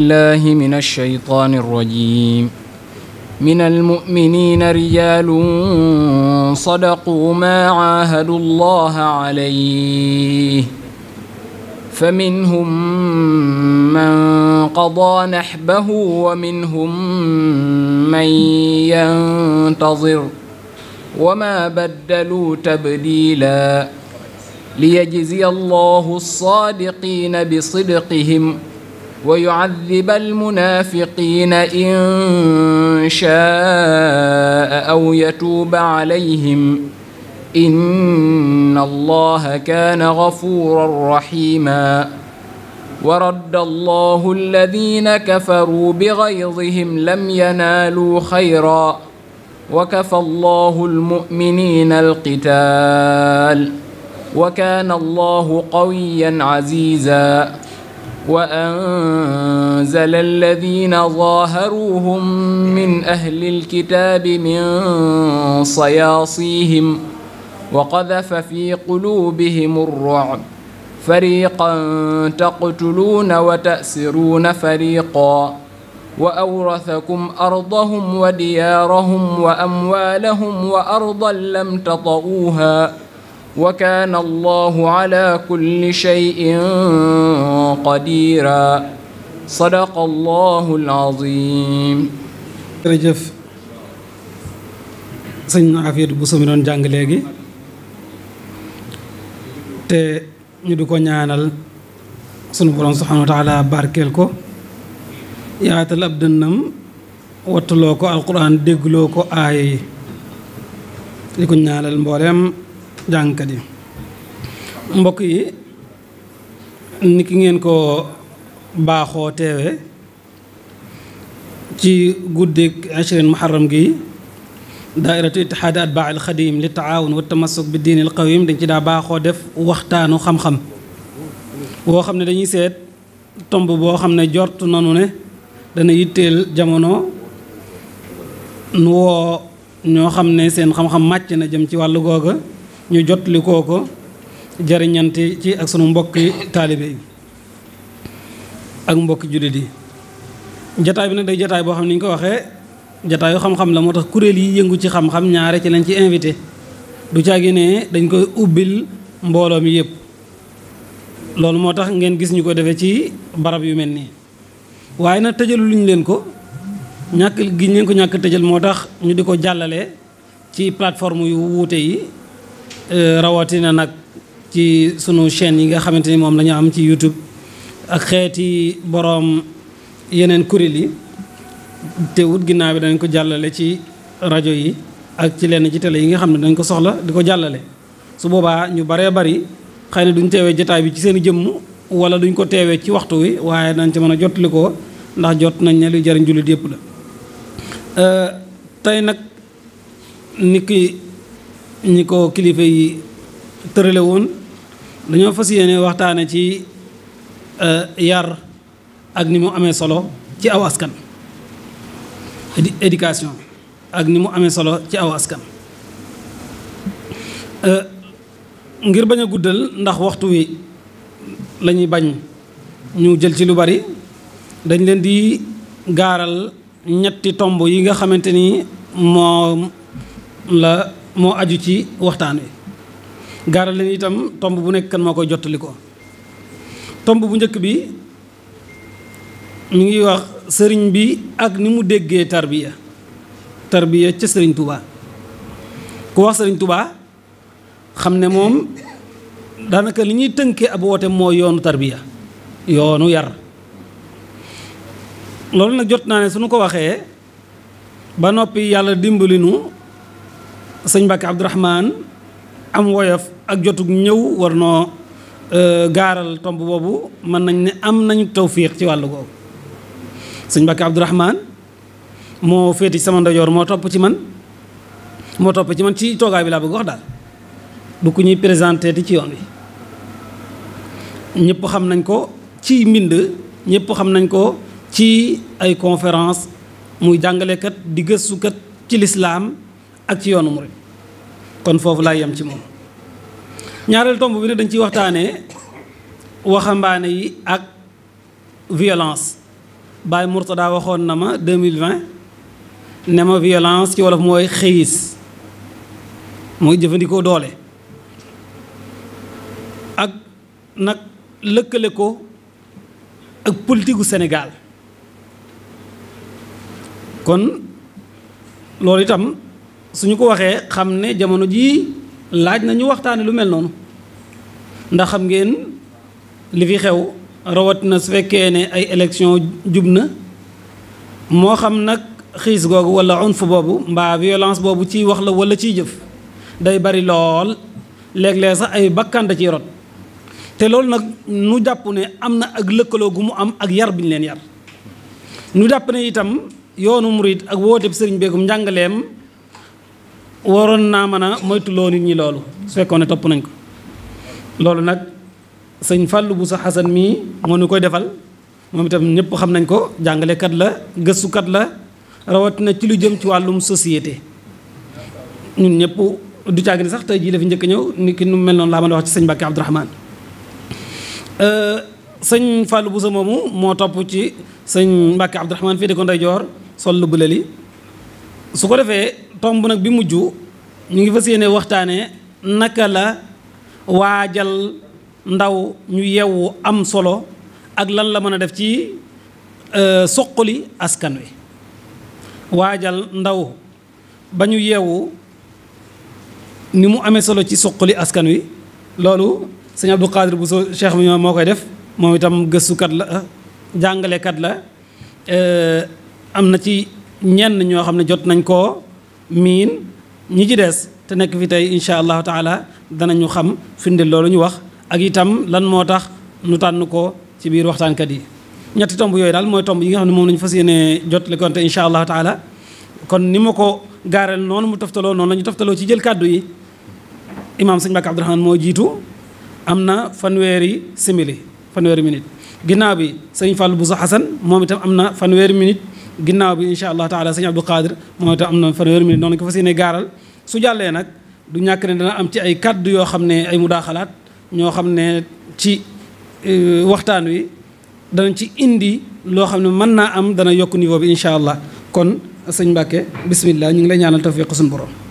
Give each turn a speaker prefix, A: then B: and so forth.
A: الله من الشيطان الرجيم من المؤمنين رجال صدقوا ما عاهدوا الله عليه فمنهم من قضى نحبه ومنهم من ينتظر وما بدلوا تبديلا ليجزي الله الصادقين بصدقهم ويعذب المنافقين إن شاء أو يتوب عليهم إن الله كان غفورا رحيما ورد الله الذين كفروا بغيظهم لم ينالوا خيرا وكفى الله المؤمنين القتال وكان الله قويا عزيزا وأنزل الذين ظاهروهم من أهل الكتاب من صياصيهم وقذف في قلوبهم الرعب فريقا تقتلون وتأسرون فريقا وأورثكم أرضهم وديارهم وأموالهم وأرضا لم تطئوها وكان الله على كل شيء قديرا صدق الله العظيم jërëjëf
B: sëñ Afiyatu Buso jàng léegi te ñu du ko ñaanal sunu borom subhaanahu wa barkeel ko yaatal ab dënnam wattuloo ko alquran déggloo ko aaya yi di ko ñaanal mbooleem jàngkat yi mbokk yi ni ki ngeen ko baaxoo teewe ci guddik ashrin muharram gi daairatu itihaadi atbaa al xadim li taawun wa tamassuk bi diin al qawim dañ ci daa baaxoo def waxtaanu xam-xam woo xam ne dañuy seet tomb boo xam ne jort nanu ne dana yitteel jamono nu woo ñoo xam ne seen xam-xam màcc na jëm ci wàll googa ñu jot li kooko jariñante ci ak sunu mbokki taalibe yi ak mbokki jullit yi jataay bi nag day jataay boo xam ni ñu ko waxee jataayu xam-xam la moo tax kuréel yi yëngu ci xam-xam ñaare ci lañ ci invité du caagi ne dañ koy ubbil mbooloo mi yëpp loolu moo tax ngeen gis ñu ko defee ci barab yu mel nii waaye nag tëjalu luñ leen ko ñàkk gi ñu leen ko ñàkk tëjal moo tax ñu di ko jàllale ci plateforme yu wuute yi euh, rawatina nag ci sunu chaîne yi nga xamante ni moom la am ci YouTube ak xeeti boroom yeneen kuréel yi te wut ginnaaw bi dañ ko jàllale ci rajo yi ak ci lenn ci télé yi nga xam ne dañ ko soxla di ko jàllale su boobaa ñu baree bari xëy na duñ teewee jotaay bi ci seen jëmm wala duñ ko teewee ci waxtu wi waaye dañ ci mën a jotali ko ndax jot nañ ne luy jariñ jullit yëpp la euh, tey nag ni ki ñi ko kilifa yi tërale woon dañoo fas yéene waxtaane ci eh, yar ak ni mu amee solo ci aw askan éducation ak ni mu amee solo ci aw askan eh, ngir bañ a guddal ndax waxtu wi la bañ ñu jël ci lu bari dañ leen di gaaral ñetti tomb yi nga xamante ni moo la moo aju ci waxtaan wi gaaral itam tomb bu nekk kan moo koy jottali ko tomb bu njëkk bi mu ngi wax sëriñ bi ak ni mu déggee tarbiya tarbiya ca sëriñ Touba ku wax sëriñ Touba xam ne moom daanaka li ñuy tënkee ab woote moo yoonu tarbiya yoonu yar loolu nag jot naa ne suñu ko waxee ba noppi yàlla dimbali nu sëñ Mbàkke am woyof ak jotug ñëw war noo euh, gaaral tomb boobu mën nañ ne am nañu tawfiq ci wàllu googu sëñ Mbàkke Abdourahman moo féeti sama ndajoor moo topp ci man moo topp ci man ci toogaay bi laa bëgg wax daal du ku ñuy présenté di ci yoon wi ñëpp xam nañ ko ci mbind ñëpp xam nañ ko ci ay conférence muy jàngalekat di gëstukat ci lislaam ak ci yoonu murid kon foofu laay yem ci moom ñaareel tomb bi ne dañ ciy waxtaanee waxambaane yi ak violence Baye Mourtada waxoon na ma 2020 ne ma violence ci wolof mooy xëyis mooy jëfandikoo doole ak nag lëkkale ko ak politique senegaal Sénégal kon loolu itam suñu ko waxee xam ne jamono jii laaj na ñu waxtaane lu mel noonu ndax xam ngeen li fi xew rawatina su fekkee ne ay élection jub na moo xam nag xiis googu wala unf boobu mbaa violence boobu ciy wax la wala ciy jëf day bari lool léeg sax ay bakkan da ciy rot te loolu nag nu jàpp ne am na ak lëkkaloo gu mu am ak yar bi ñu leen yar nu jàpp ne itam yoonu murit ak woo bi sëriñ beegum njàngaleem waroon naa mën a moytuloo nit ñi loolu su fekkoon ne topp nañ ko loolu nag sëñ Fallou Bousso Xasan mii moo ñu koy defal moom itam ñëpp xam nañ ko jàngalekat la gëstukat la rawatina ci lu jëm ci wàllum societé ñun ñëpp du caagi ni sax tey jii la fi njëkk ñëw ni ki nu mel noonu laa mën a wax ci sëñ Mbàkke Abdourahmane euh, sëñ Fallou Bousso moomu moo topp ci sëñ Mbàkke Abdourahmane fii di ko ndeyjoor sol lu bële li su ko defee tomb nag bi mujj ñu ngi fa yéene waxtaanee naka la waajal ndaw ñu yewwu am solo ak lan la mën a def ci euh, soqali askan wi waajal ndaw ba ñu yewwu ni mu amee solo ci soqali askan wi loolu sëñ Abdou Qadir bu so cheikh bi moo koy def moom itam gëstukat la jàngalekat la euh, am na ci ñenn ñoo xam ne jot nañ koo miin ñi ci des te nekk fi tey incha allahu taala ñu xam firndeel loolu ñu wax ak itam lan moo tax nu tànn ko ci biir waxtaankat yi ñetti tomb yooyu daal mooy tomb yi nga xam ne moom lañu fas yéene jot li konte incha allahu taala kon ni ma ko gaareel noonu mu toftaloo noonu la ñu toftaloo ci jël kàddu yi imaam sëñ Mbàkke Abdourahmane moo jiitu am na fanweeri simili fanweeri minute ginnaaw bi sëñ bu Bousso Hassan moom itam am na fanweeri minute ginnaaw bi incha allah taala sëñ Abdou Khadir mooy tax am na fanweeri minute noonu ko fas yéene gaaral su jàllee nag du ñàkk ne dana am ci ay kàddu yoo xam ne ay xalaat ñoo xam ne ci euh, waxtaan wi danañ ci indi loo xam ne mën naa am dana yokk niveau bi incha allah kon sëñ Mbàkke bismillah ñu ngi lay ñaanal tawfiq suñu borom.